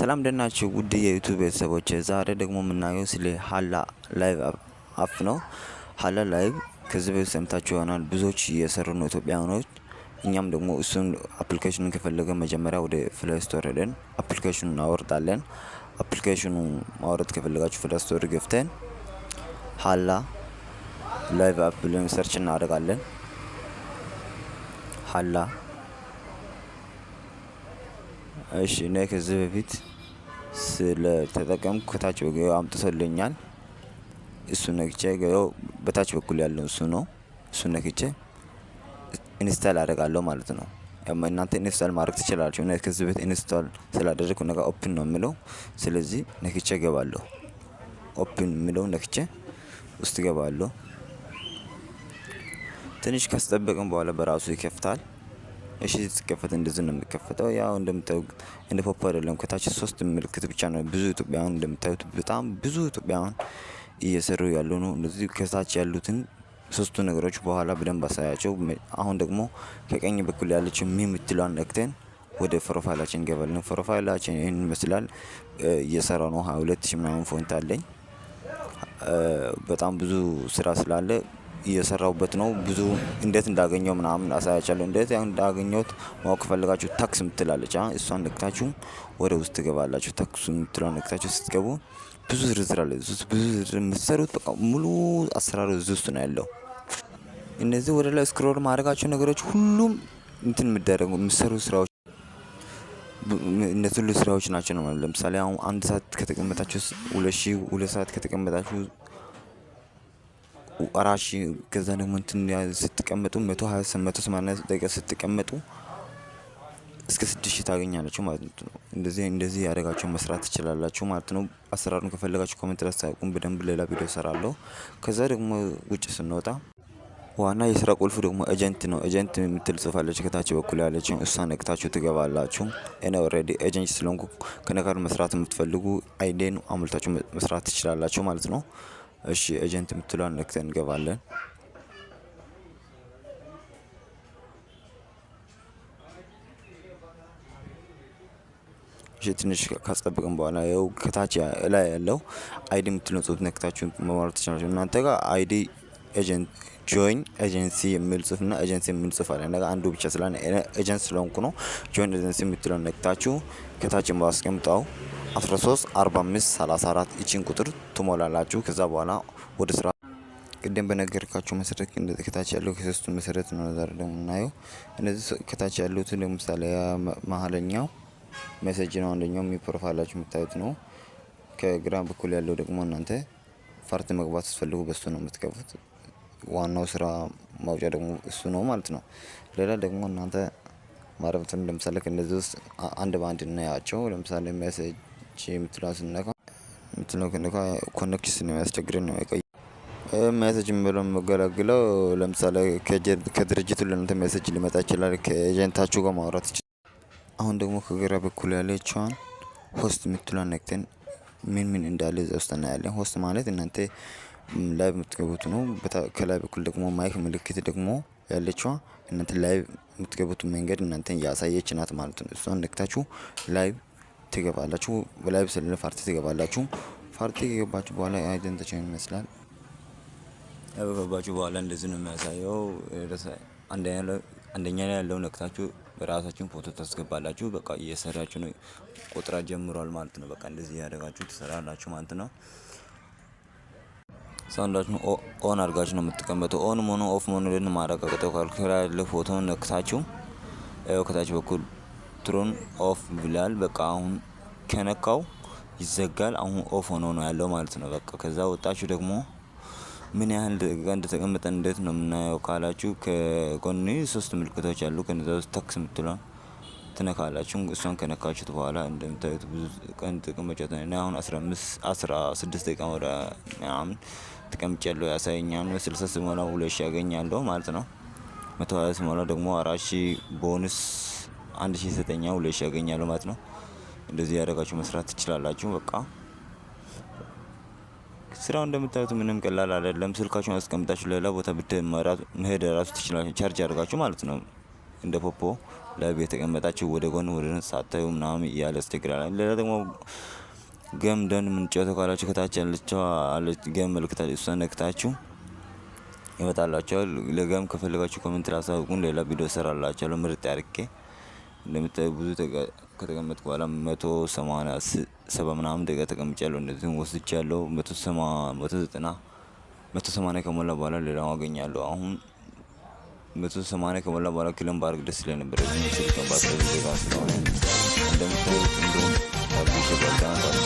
ሰላም ደናችሁ ውድ የዩቱብ ቤተሰቦች፣ ዛሬ ደግሞ የምናየው ስለ ሀላ ላይቭ አፍ ነው። ሀላ ላይቭ ከዚህ በፊት ሰምታችሁ ይሆናል። ብዙዎች እየሰሩ ነው ኢትዮጵያውያኖች። እኛም ደግሞ እሱን አፕሊኬሽኑን ከፈለገ መጀመሪያ ወደ ፍለስቶር ሄደን አፕሊኬሽኑን እናወርጣለን። አፕሊኬሽኑ ማውረድ ከፈለጋችሁ ፍለስቶር ገፍተን ሀላ ላይቭ አፕ ብለን ሰርች እናደርጋለን። ሀላ እሺ እኔ ከዚህ በፊት ስለተጠቀምኩ ከታች አምጥቶልኛል። እሱ ነክቼ በታች በኩል ያለው እሱ ነው። እሱ ነክቼ ኢንስታል አደርጋለሁ ማለት ነው። እናንተ ኢንስታል ማድረግ ትችላላችሁ። እኔ ከዚህ በፊት ኢንስታል ስላደረግኩ ነገ ኦፕን ነው የምለው። ስለዚህ ነክቼ እገባለሁ። ኦፕን የምለው ነክቼ ውስጥ እገባለሁ። ትንሽ ካስጠበቅን በኋላ በራሱ ይከፍታል። እሺ ስትከፈት እንደዚህ ነው የሚከፈተው። ያው እንደምታዩት እንደ ፖፖ አይደለም። ከታች ሶስት ምልክት ብቻ ነው። ብዙ ኢትዮጵያውያን እንደምታዩት በጣም ብዙ ኢትዮጵያውያን እየሰሩ ያሉ ነው። እንደዚህ ከታች ያሉትን ሶስቱ ነገሮች በኋላ በደንብ አሳያቸው። አሁን ደግሞ ከቀኝ በኩል ያለች ሚ የምትለዋን ነክተን ወደ ፕሮፋይላችን እንገባለን። ፕሮፋይላችን ይህን ይመስላል። እየሰራ ነው። ሀያ ሁለት ሺ ምናምን ፎንት አለኝ። በጣም ብዙ ስራ ስላለ እየሰራሁበት ነው። ብዙ እንዴት እንዳገኘው ምናምን አሳያቻለሁ። እንዴት እንዳገኘሁት ማወቅ ፈልጋችሁ ታክስ ምትላለች እሷን ነክታችሁ ወደ ውስጥ ትገባላችሁ። ታክሱ ምትለው ነክታችሁ ስትገቡ ብዙ ዝርዝር አለ። ብዙ ዝርዝር የምትሰሩት በቃ ሙሉ አሰራሩ እዚህ ውስጥ ነው ያለው። እነዚህ ወደ ላይ ስክሮል ማድረጋቸው ነገሮች ሁሉም እንትን የምደረጉ የምሰሩ ስራዎች እነዚህ ሁሉ ስራዎች ናቸው ነው። ለምሳሌ አሁን አንድ ሰዓት ከተቀመጣችሁ ሁለት ሺህ ሁለት ሰዓት ከተቀመጣችሁ አራት ሺህ ከዛ ደግሞ እንትን ስትቀመጡ መቶ ሀያ መቶ ሰማንያ ደቂቃ ስትቀመጡ እስከ ስድስት ሺህ ታገኛላችሁ ማለት ነው። እንደዚህ እንደዚህ ያደረጋችሁ መስራት ትችላላችሁ ማለት ነው። አሰራሩን ከፈለጋችሁ ኮሜንት ላስታውቁን በደንብ ሌላ ቪዲዮ ሰራለሁ። ከዛ ደግሞ ውጭ ስንወጣ ዋና የስራ ቁልፍ ደግሞ ኤጀንት ነው። ኤጀንት የምትል ጽፋለች ከታች በኩል ያለችው እሷ ነቅታችሁ ትገባላችሁ። እኔ ኦልሬዲ ኤጀንት ስለሆንኩ ከነጋር መስራት የምትፈልጉ አይዴን አሙልታችሁ መስራት ትችላላችሁ ማለት ነው። እሺ ኤጀንት የምትለዋን ነክተን እንገባለን። ትንሽ ካስጠብቅም በኋላ ያው ከታች ላይ ያለው አይዲ የምትለውን ጽሁፍ ነክታችሁን መማር ትችላላችሁ። እናንተ ጋር አይዲ ጆይን ኤጀንሲ የሚል ጽሁፍ ና ኤጀንሲ የሚል ጽሁፍ አለ። ነገር አንዱ ብቻ ስለሆነ ኤጀንት ስለሆንኩ ነው። ጆይን ኤጀንሲ የምትለውን ነግታችሁ ከታችን ማስቀምጠው 13 45 34 ይችን ቁጥር ትሞላላችሁ። ከዛ በኋላ ወደ ስራ ቅድም በነገርካችሁ መሰረት ከታች ያለው ከሶስቱ መሰረት ነው። ዛሬ ደግሞ እናየው እነዚህ ከታች ያሉት ለምሳሌ መሀለኛው ሜሴጅ ነው። አንደኛው ፕሮፋይላችሁ የምታዩት ነው። ከግራ በኩል ያለው ደግሞ እናንተ ፋርት መግባት ስፈልጉ በሱ ነው የምትገቡት። ዋናው ስራ ማውጫ ደግሞ እሱ ነው ማለት ነው። ሌላ ደግሞ እናንተ ማረፍትን ለምሳሌ ከእነዚህ ውስጥ አንድ በአንድ እናያቸው። ለምሳሌ ሜሴጅ የምትለዋ ስነካ የምትለው ስንነካ ኮኔክሽን ስለሚያስቸግረን ነው የቆየ ሜሴጅ የምንለው የምገለግለው ለምሳሌ ከድርጅቱ ለእናንተ ሜሴጅ ሊመጣ ይችላል። ከኤጀንታችሁ ጋር ማውራት ይችላል። አሁን ደግሞ ከግራ በኩል ያለችዋን ሆስት የምትለዋን ነክተን ምን ምን እንዳለ እዛ ውስጥ እናያለን። ሆስት ማለት እናንተ ላይ የምትገቡት ነው። ከላይ በኩል ደግሞ ማይክ ምልክት ደግሞ ያለችዋ እናንተ ላይ የምትገቡት መንገድ እናንተን ያሳየች ናት ማለት ነው። እሷን ነክታችሁ ላይ ትገባላችሁ። ላይ ስለለ ፋርቲ ትገባላችሁ። ፋርቲ ከገባችሁ በኋላ አይደንታችሁን ይመስላል። ከገባችሁ በኋላ እንደዚህ ነው የሚያሳየው። አንደኛ ላይ ያለው ነክታችሁ በራሳችን ፎቶ ታስገባላችሁ። በቃ እየሰራችሁ ነው። ቁጥራ ጀምሯል ማለት ነው። በቃ እንደዚህ እያደረጋችሁ ትሰራላችሁ ማለት ነው። ሳውንዳችሁን ኦን አድርጋችሁ ነው የምትቀመጠው ኦን ሆኖ ኦፍ መሆኑን ማረጋገጠው ካልኩላ ያለ ፎቶን ነክታችሁ ከታች በኩል ትሩን ኦፍ ብላል። በቃ አሁን ከነካው ይዘጋል። አሁን ኦፍ ሆኖ ነው ያለው ማለት ነው። በቃ ከዛ ወጣችሁ ደግሞ ምን ያህል ደቂቃ እንደተቀመጠ እንዴት ነው የምናየው ካላችሁ ከጎን ሶስት ምልክቶች አሉ። ከነዛ ውስጥ ተክስ የምትለዋል ትነካላችሁ። እሷን ከነካችሁት በኋላ እንደምታዩት ብዙ ቀን ተቀምጫለሁ እና አሁን 16 ደቂቃ ወደ ምናምን ተቀምጫለሁ ያሳየኛል። ስልሳ ስሞላ ሁለት ሺ ያገኛለሁ ማለት ነው። መቶ ሀያ ስሞላ ደግሞ አራት ቦንስ አንድ ሺ ዘጠኛ ሁለት ያገኛለሁ ማለት ነው። እንደዚህ ያደረጋችሁ መስራት ትችላላችሁ። በቃ ስራው እንደምታዩት ምንም ቀላል አይደለም። ስልካችሁን አስቀምጣችሁ ሌላ ቦታ ብትመራት መሄድ ራሱ ትችላላችሁ፣ ቻርጅ አድርጋችሁ ማለት ነው እንደ ፖፖ ላይ የተቀመጣችሁ ወደ ጎን ወደ ሳታዩ ምናምን እያለ ያስቸግራል። ሌላ ደግሞ ገም ደን የምንጫወተው ካላችሁ ከታች ያለችው አለች ገም መልክታችሁ እሷን ነክታችሁ ይመጣላችኋል። ለገም ከፈለጋችሁ ኮሜንት ላሳውቁን፣ ሌላ ቪዲዮ እሰራላችኋለሁ ምርጥ አድርጌ። እንደምታዩ ብዙ ከተቀመጥኩ በኋላ መቶ ሰማንያ ሰባ ምናምን ደቂቃ ተቀምጫለሁ። እንደዚህም ወስጃለሁ መቶ ዘጠና መቶ ሰማንያ ከሞላ በኋላ ሌላው አገኛለሁ አሁን መቶ ሰማንያ ከሞላ በኋላ ክለን ባርግ ደስ ይለኝ ነበር። ስለሆነ እንደምታዩት እንደሁም ታብሽ